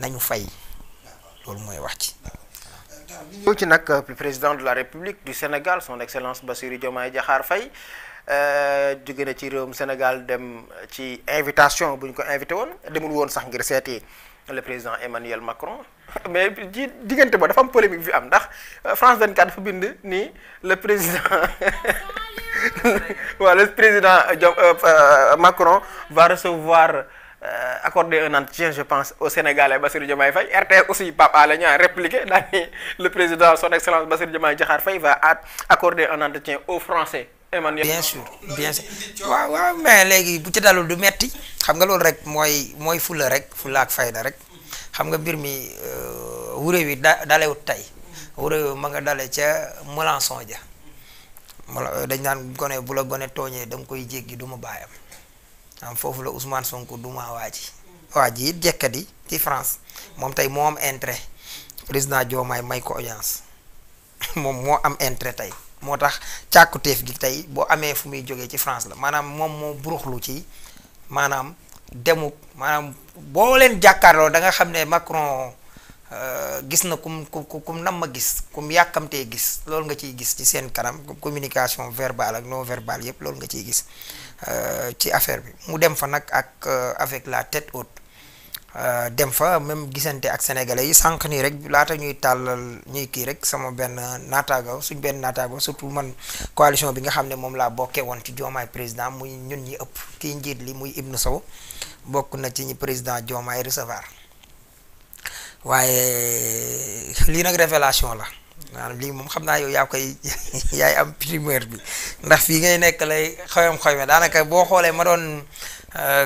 nañu fay loolu mooy wax ci. ñëw ci nag euh, président de la république du Sénégal son excellence Bassirou Diomaye Diakhar Faye euh, jóge na ci réewum Sénégal dem ci invitation bu ñu ko invité woon demul woon sax ngir seeti le président Emmanuel Macron mais ci diggante ba dafa am polémique bi am ndax euh, France 24 dafa bind nii le président waaw le président Macron va recevoir. Euh, accordé un entretien je pense au Sénégalais Bassirou Diomaye Faye RTS aussi Pape Alé Niang répliqué daal ni le président son excellence Bassirou Diomaye Diakhar Faye va accorder un entretien aux Français Emmanuel. bien sûr bien sûr waaw waaw mais léegi bu ci dalul du metti xam nga loolu rek mooy mooy fulla rek fulla ak fayda rek xam nga mbir mi euh, wuré wi da dalewut tey wuré wi ma nga dale ca Mélenchon ja dañ naan gone bu la gone tooñee danga koy jéggi du ma bàyyam am foofu la Ousmane Sonko duma waa ji waa ji it jekkadi ci France moom tey moo am intérêt président Diomaye may ko audience moom moo am intérêt tey moo tax càkkutéef gi tey boo amee fu muy jógee ci France la maanaam moom moo buruxlu ci maanaam demuk maanaam boo leen jàkkaarloo da nga xam ne Macron Euh, gis na kum ku ku kum nam ma gis kum yàkkamtee gis loolu nga ciy gis ci seen kanam communication verbal ak noo verbale yépp loolu nga ciy gis euh, ci affaire bi mu dem fa nag ak euh, avec la tête haute dem fa même gisante ak sénégalais yi sànq nii rek laata ñuy tàllal ñuy kii rek sama benn naataango suñ benn naataango surtout man coalition bi nga xam ne moom laa bokkee woon ci joomaay président muy ñun ñi ëpp kii njiit li muy Ibnu Sow bokk na ci ñi président Diomaye recevoir. waaye lii nag révélation la maanaam lii moom xam naa yow yaa koy yaay am primeur bi ndax fii ngay nekk lay xoyam xoyme daanaka boo xoolee ma doon euh,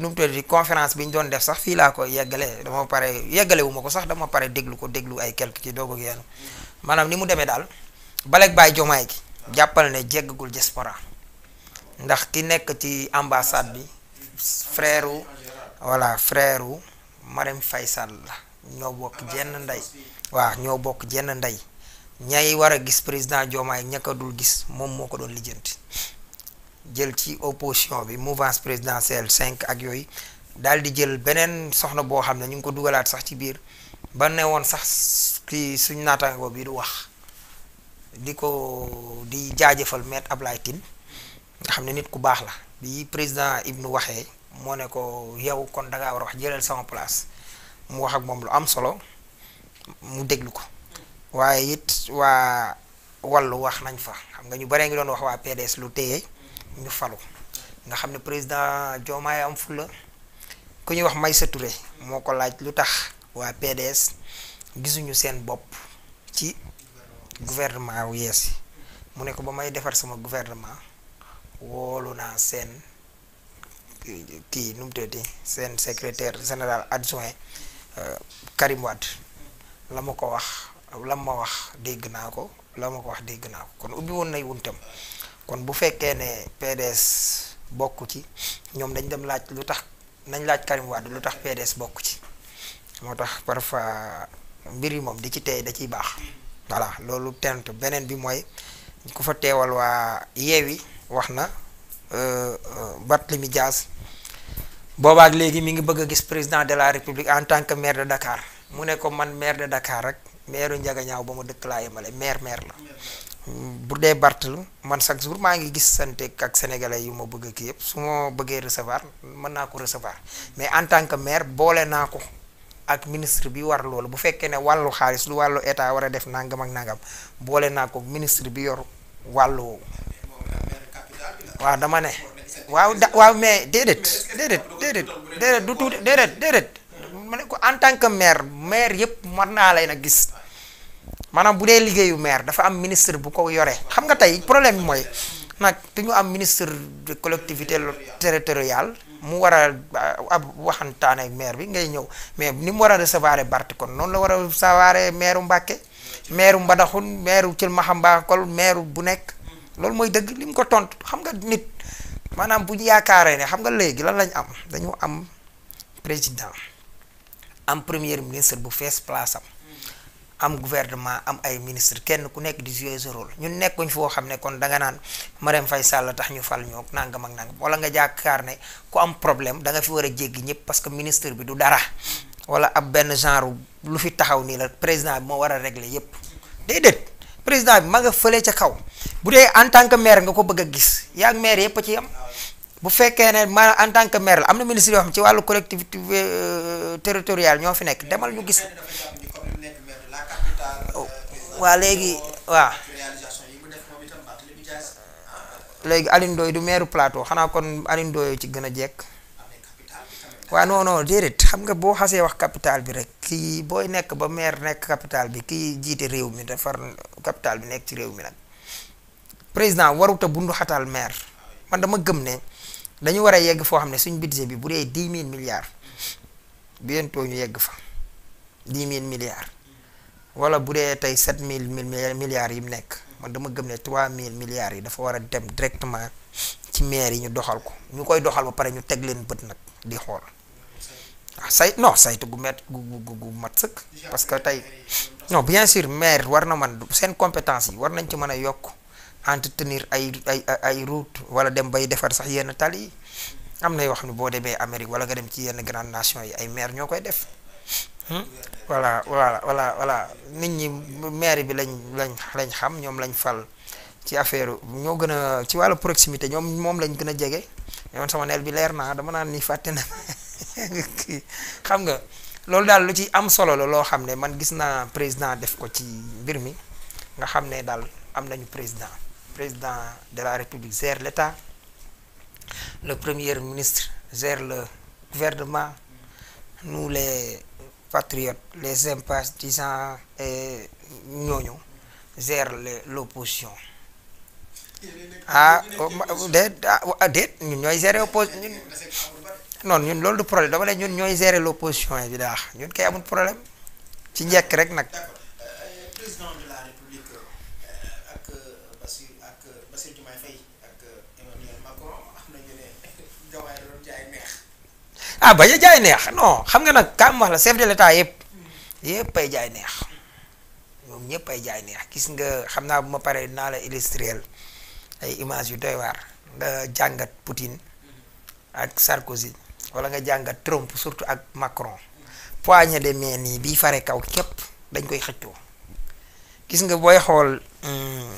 nu mu tudd conférence bi ñu doon def sax fii laa ko yeggale dama pare yeggale ma ko sax dama pare déglu ko déglu ay quelque ci doog ak yéen maanaam ni mu demee daal baleeg bàyyi jomaay gi jàppal ne jeggagul diaspora ndax ki nekk ci ambassade bi frère voilà frère Marème fay Sall la ñoo bokk jenn ndey waaw ñoo bokk jenn ndey ñay war a gis président Diomaye ña ko gis moom moo ko doon lijjanti jël ci opposition bi mouvance présidentielle cinq ak yooyu daal di jël beneen soxna boo xam ne ñu ngi ko dugalaat sax ci biir ban ne woon sax ki suñ naataango bi du wax di ko di jaajëfal maître Ablaye Tine nga xam ne nit ku baax la bi président Ibnu waxee moo ne ko yow kon da ngaa war a wax jëlal sama place mu wax ak moom lu am solo mu déglu ko waaye it waa wàllu wax nañ fa xam nga ñu baree ngi doon wax waa PDS lu téye ñu falu nga xam ne président Diomaye am fula ku ñuy wax may Touré moo ko laaj lu tax waa PDS gisuñu seen bopp ci gouvernement wu yees yi mu ne ko ba may defar sama gouvernement woolu naa seen kii nu mu tuddati seen secrétaire général adjoint Karim la ma ko wax la ma wax dégg naa ko la ma ko wax dégg naa ko kon ubbi woon nay wuntam kon bu fekkee ne PDS bokk ci ñoom dañ dem laaj lu tax nañ laaj Karim lu tax PDS bokk ci moo tax parfois mbir yi moom di ci tey da ciy baax voilà loolu tent beneen bi mooy ku fa teewal waa Yewwi wax na euh, euh, Barthélémy Dias boobaak léegi mi ngi bëgg a gis président de la république en tant que maire de Dakar mu ne ko man maire de dakaar rek maire Ndiaga ñaaw ba ma dëkk laa yemale maire maire la bu dee Bartel man chaque jour maa ngi gis sante ak sénégalais yu ma bëgg a kii yëpp su ma bëggee recevoir mën naa ko recevoir mais en tant que maire boole naa ko ak ministre bi war loolu bu fekkee ne wàllu xaalis lu wàllu état war a def nàngam ak nangam boole naa ko ministre bi yor wàllu waaw da waaw mais déedéet déedéet déedéet déedéet du tuuti déedéet déedéet ma ne ko en tant que maire maire yëpp man naa lay na gis maanaam bu dee liggéeyu maire dafa am ministre bu ko yore xam nga tey problème bi mooy nag du ñu am ministre de collectivité territoriale mu war a ab waxantaane ak maire bi ngay ñëw mais ni mu war a recevoir Barth kon noonu la war a recevoir maire Mbàkke maire mbadaxul maire Thilmakha Mbakol maire bu nekk loolu mooy dëgg li mu maanaam bu ñu yaakaaree ne xam nga léegi lan lañ am dañu am président am première ministre bu fees place am am gouvernement am ay ministre kenn ku nekk di jouer sa rôle ñun nekkuñ foo xam ne kon danga naan Marème fay Sall tax ñu fal ñoo nangam ak nangam wala nga jàkkaar ne ku am problème danga fi war a jéggi ñëpp parce que ministre bi du dara wala ab benn genre lu fi taxaw nii la président bi moo war a régler yëpp déedéet président bi ma nga fële ca kaw bu dee en tant que maire nga ko bëgg a gis yaa yëpp a ci am bu fekkee ne ma en tant que maire la am na ministre yoo xam ci wàllu collectivité euh, territoriale ñoo fi nekk demal ñu gis. waa léegi waaw. léegi Alioune du maire plateau xanaa kon Alioune Ndoye ci gën a jekk. waa non non déedéet xam nga boo xasee wax capital bi rek kii booy nekk ba maire nekk capital bi kii jiite réew mi defar capital bi nekk ci réew mi nag président waruta a bundu man dama gëm ne. dañu war a yegg foo xam ne suñ budget bi bu dee dix mille milliards bientôt ñu yegg fa dix mille milliards wala bu dee tey sept mille milliards yi mu nekk man dama gëm ne trois mille milliards yi dafa war a dem directement ci maire yi ñu doxal ko ñu koy doxal ba pare ñu teg leen bët nag di xool ah say no saytu gu met gu gu gu mat sëkk parce que tey non bien sûr maire war na man seen compétence yi war nañ ci mën a yokk entretenir ay ay ay route wala dem bay defar sax yenn tali yi am na yoo xam ne boo demee Amérique wala nga dem ci yenn grande nation yi ay maire ñoo koy def hmm? voilà voilà voilà voilà nit ñi maire bi lañ lañ xam ñoom lañ fal ci affaire ñoo gën a ci wàllu proximité ñoom moom lañ gën a jege yoon sama neel bi leer naa dama naan ni fàtte na xam nga loolu daal lu ci am solo la loo xam ne man gis naa président def ko ci mbir mi nga xam ne daal am nañu président président de la République gère l'État, le première ministre gère le gouvernement, nous les patriotes, les sympathisants et ñooñu gère l'opposition. ah oh, déet ah, ah déet ñun ñooy gérer opposition ñun non ñun loolu du problème dama ne ñun ñooy gérer l'opposition yi bi daax ñun kay amul problème ci njëkk rek nag. ah bañ a jaay neex non xam nga nag kam wax la chef de l'état yëpp yëpp ay jaay neex ñoom ñëpp ay jaay neex gis nga xam naa bu ma paree naa la illustreel ay image yu doy waar nga jàngat Poutine ak Sarkozy wala nga jàngat Trump surtout ak Macron poignée de main nii bii fare kaw képp dañ koy xëccoo gis nga booy xool hmm,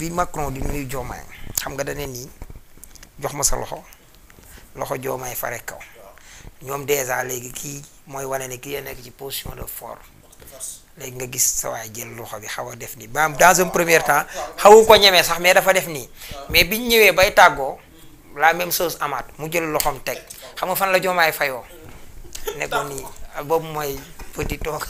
bi Macron di nuyu Diomaye xam nga dane nii jox ma sa loxo loxo joomaay fare kaw ñoom dèjà léegi kii mooy wane ne kii a nekk ci position de for léegi nga gis sa waay jël loxo bi xaw a def nii baam dans un premier temps xawu ko ñemee sax mais dafa def nii mais biñ ñëwee bay tàggoo la même chose amaat mu jël loxoom teg xam nga fan la joomaay fayoo nekkoon nii boobu mooy petit toog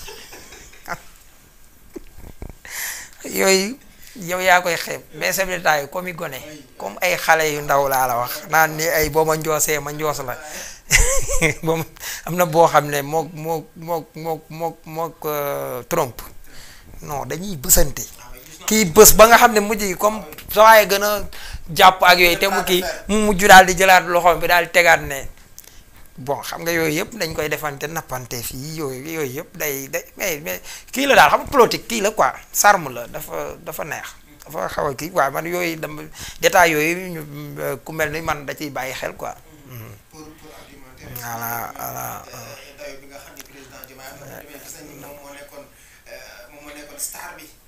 yooyu yow yaa koy xeeb mais chef comme i gone comme ay xale yu ndaw laa la wax naan ni ay boo ma njoosee ma njoos la boo am na boo xam ne mook mook mook mook mook mook euh, trompe non dañuy bësante kii bës ba nga xam ne mujj yi comme sawaaye gën a jàpp ak yooyu te mu kii mu mujj daal di jëlaat loxoom bi daal di tegaat ne bon xam nga yooyu yëpp dañ koy defante nappante fii yooyu yooyu yëpp day day mais mais kii la daal xam nga kii la quoi sarme la dafa dafa neex. dafa xaw a kii quoi man yooyu dama détails yooyu euh, ku mel ni man da ciy bàyyi xel quoi. pour pour argumenter.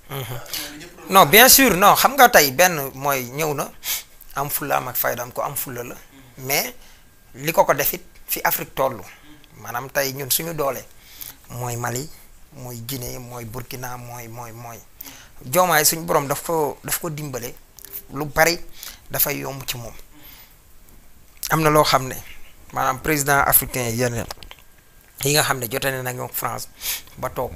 xam non bien sûr non xam nga tey benn mooy ñëw na am fulla am ak fayda am ko am fulla la mais li ko ko defit fi Afrique toll maanaam tey ñun suñu doole mooy Mali mooy Guinée mooy Burkina mooy mooy mooy joomaay suñu borom daf ko daf ko dimbale lu bari dafay yomb ci moom am na loo xam ne maanaam président africain yenn yi nga xam ne jote na ñoo France ba toog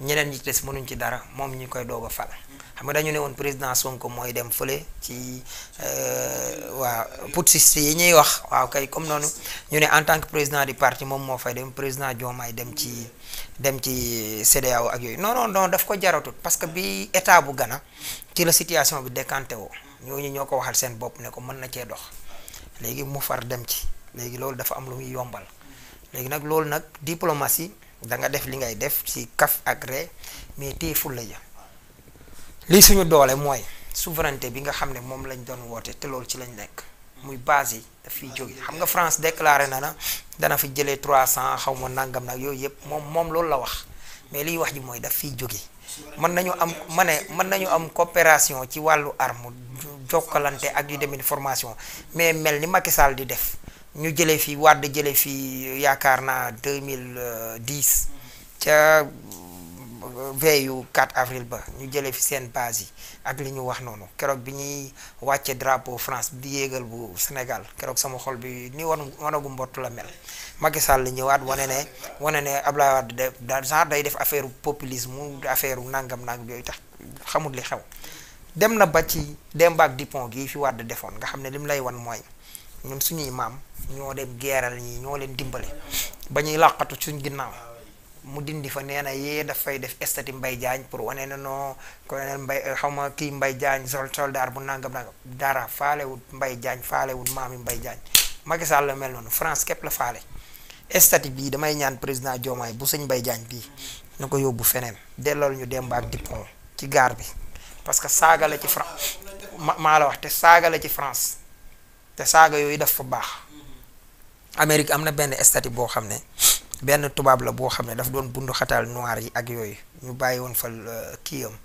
ñeneen ñi ci des mënuñ ci dara moom ñu koy doog a fal xam nga dañu ne woon président Sonko mooy dem fële ci euh, waa putschiste yi ñuy wax waaw kay comme noonu ñu ne en tant que président du parti moom moo fay dem président Diomaye dem ci dem ci CEDEAO ak yooyu non non non daf ko jaratut parce que bi état bu gana ci la situation bi décanté woo ñooñu ñoo ko waxal seen bopp ne ko mën na cee dox léegi mu far dem ci léegi loolu dafa am lu muy yombal léegi nag loolu nag diplomatie da nga def li ngay def ci kaf ak ree mais téye fulla ja lii suñu doole mooy souveraineté bi nga xam ne moom lañ doon wootee te loolu ci lañ nekk muy base yi daf fiy jóge xam nga France déclaré na na dana fi jële trois cent xaw ma nangam nag yooyu yëpp moom moom loolu la wax mais liy wax ji mooy daf fiy jóge mën nañu am ma ne mën nañu am coopération ci wàllu arme jokkalante ak yu demee formation mais mel ni Macky Sall di def ñu jëlee fi Wade jëlee fi yaakaar naa deux mille dix ca euh, veillu 4 avril ba ñu jëlee fi seen base yi ak li ñu wax noonu keroog bi ñuy wàcce drapeau France di yéegal bu Sénégal keroog sama xol bi ni wan wanagu mbott la mel Macky Sall li ñëwaat wane ne wane ne Abdoulaye Wade de genre day def affaire populisme affaire nangam nangam yooyu tax xamul li xew dem na ba ci dem Demba di Dupont gii fi Wade defoon nga xam ne lim lay wan mooy. ñun suñuy maam ñoo dem geeral ñi ñoo leen dimbale ba ñuy làqatu suñu ginnaaw mu dindi fa nee na yee dafay def estati mbay jaañ pour wane na noo ko mbay eh, xaw ma kii mbay jaañ sol soldaar bu nangam dara faalewul mbay jaañ faalewul maami mbay jaañ Macky Sall la mel noonu France képp la faale estati bii damay ñaan président Diomaye bu sëñ mbay jaañ bii na ko yóbbu feneen dellool ñu Demba ak Dipon ci gaar bi parce que saaga la ci France maa la wax te saaga la ci France te saaga yooyu daf fa baax amerique am na benn statut boo xam ne benn tubaab la boo xam ne daf doon bundu xataal noir yi ak yooyu ñu bàyyi woon fa euh, kii am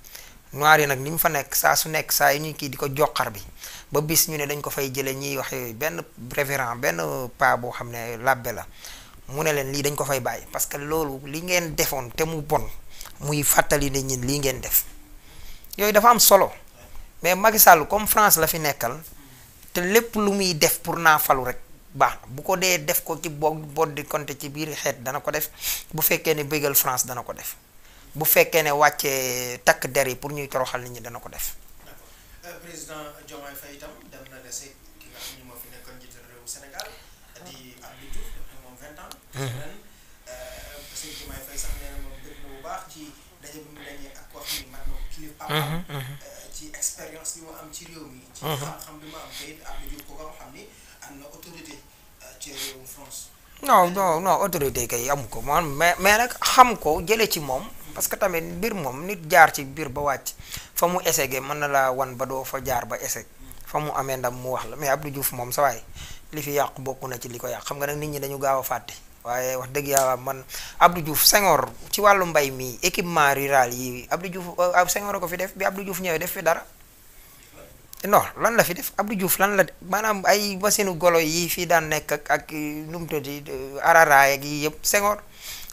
noir yi nag ni mu fa nekk saa su nekk saa yi ñu kii di ko joxar bi ba bis ñu ne dañ ko fay jëlee ñiy wax yooyu benn révérend benn pa boo xam ne làbbe la mu ne leen lii dañ ko fay bàyyi parce que loolu li ngeen defoon te mu bon muy fàttali ne ñin lii ngeen def yooyu dafa am solo mais Macky Sall la fi nekkal. te lépp lu muy def pour naa falu rek baax na bu ko dee def ko ci bo bodd konte ci biir xeet dana ko def bu fekkee ne bégal France dana ko def bu fekkee ne wàcce takk der yi pour ñuy toroxal nit ñi dana ko def. d'accord euh, président Diomaye Faye ci expérience am ci réew mi. Mhm. na ko nga xam autorité kay amu ko man mais mais nag xam ko jëlee ci moom. Mhm. parce que tamit mbir moom nit jaar ci biir ba wàcc fa mu essayé mën na laa wan ba doo fa jaar ba essayé. Mhm. fa mu amee ndax mu wax la mais Abdou juuf moom sa li fi yàqu bokk na ci li ko yàq xam nga nag nit ñi dañu gaaw a fàtte. waaye wax dëgg yàlla man Abdou Diouf ci wàllu mbay mi équipement rural yi Abdou Diouf euh, Senghor ko fi def bi Abdou Diouf ñëwee def fi dara non lan la fi def Abdou Diouf lan la maanaam ay machine golo yi fii daan nekk ak ak nu mu tudd euh, araraay yëpp Senghor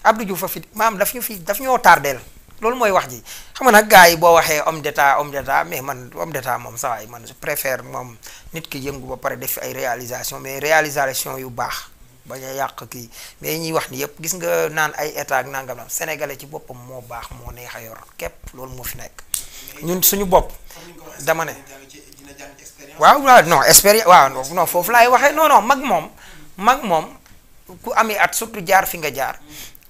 Abdou Diouf a maam daf ñu fi daf ñoo tardeel loolu mooy wax ji xam nga nag gars yi boo waxee homme d'état homme d'état mais man homme d'état moom sax ay man je préfère moom nit ki yëngu ba pare def ay réalisation mais réalisation yu baax bañ a yàq kii mais ñuy wax ni yëpp gis nga naan ay état ak nangam la sénégalais ci boppam moo baax moo neex a yor képp loolu moo fi nekk. ñun suñu bopp. dama ne. waaw waaw no expérience waaw non foofu laay waxee non mag moom. mag moom ku amee at surtout jaar fi nga jaar.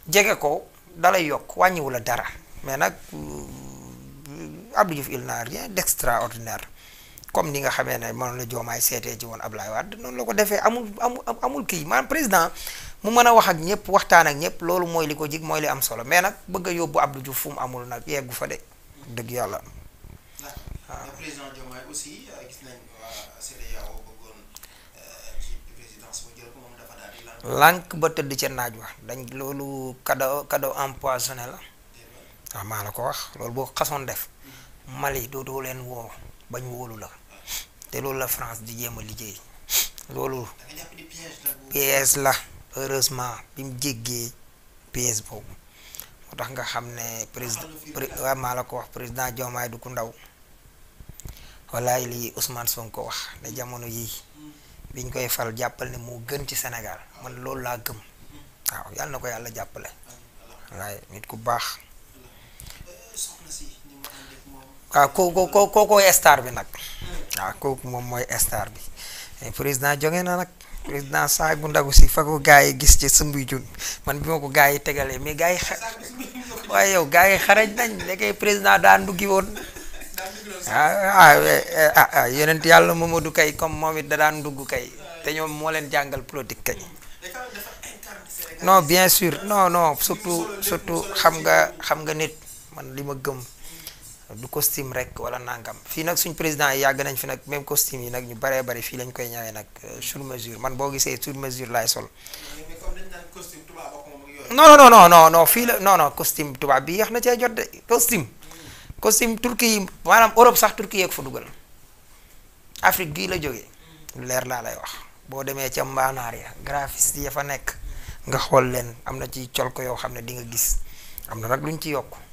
jege ko dalay yokk wàññiwula dara mais nag euh, Abdou Diouf il n'a rien d'extraordinaire. comme ni nga xamee ne moom la Diomaye seetee ci woon Ablaye Wade noonu la ko defee amul amul amul kii maanaam président mu mën a wax ak ñëpp waxtaan ak ñëpp loolu mooy li ko jig mooy li am solo mais nag bëgg a yóbbu Abdou Diouf fu mu amul nag yeggu fa de dëgg yàlla. waaw ah. président Diomaye aussi euh, euh, ba tëdd ca naaj wax dañ loolu cadeau cadeau empoisonné la. waaw ah, maa la ko wax loolu boo xasoon def. Mm. Mali dootoo leen woo bañ wóolu la. te loolu la France di jéem a liggéey loolu pièce la heureusement bi mu jéggee pièce boobu moo tax nga xam ne président waaw maa la ko wax président Diomaye du ku ndaw wallaay lii Ousmane ko wax ne jamono yii biñ koy fal jàppal ne mu gën ci Sénégal man loolu laa gëm waaw yàlla ko yàlla jàppale wallaay nit ku baax waaw ko ko ko koy star bi nag waaw ah, kooku moom mooy star bi eh, président jonge na nag président saay ndagu si fa ko gars yi gis ci sumbuy jun man bi ma ko gars yi tegalee mais gars yi xa waaye yow gars yi xaraj nañ nekkee président daa nduggi woon ah ah, eh, eh, ah ah yonent yàlla Mamadou kay comme moom it da daan ndugg kay te ñoom moo leen jàngal politique kay no bien sûr non non surtout surtout xam nga xam nga nit man li ma gëm du costume rek wala nangam fii nag suñ président yi yàgg nañ fi nag même costume yi nag ñu baree bari fii lañ koy ñawee nag euh, sur mesure man boo gisee sur mesure laay sol. non non non non fii la non non costume tubaab bi yax na cee jot de costume. costume turquie yi maanaam Europe sax turquie yeeg fa dugal Afrique gii la jógee. leer laa lay wax boo demee ca mbanaar ya graphiste ya fa nekk nga xool leen am na ci col ko yoo xam ne di nga gis am na nag luñ ci yokk.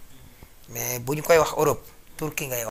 mais bu ñu koy wax Europe Turquie ngay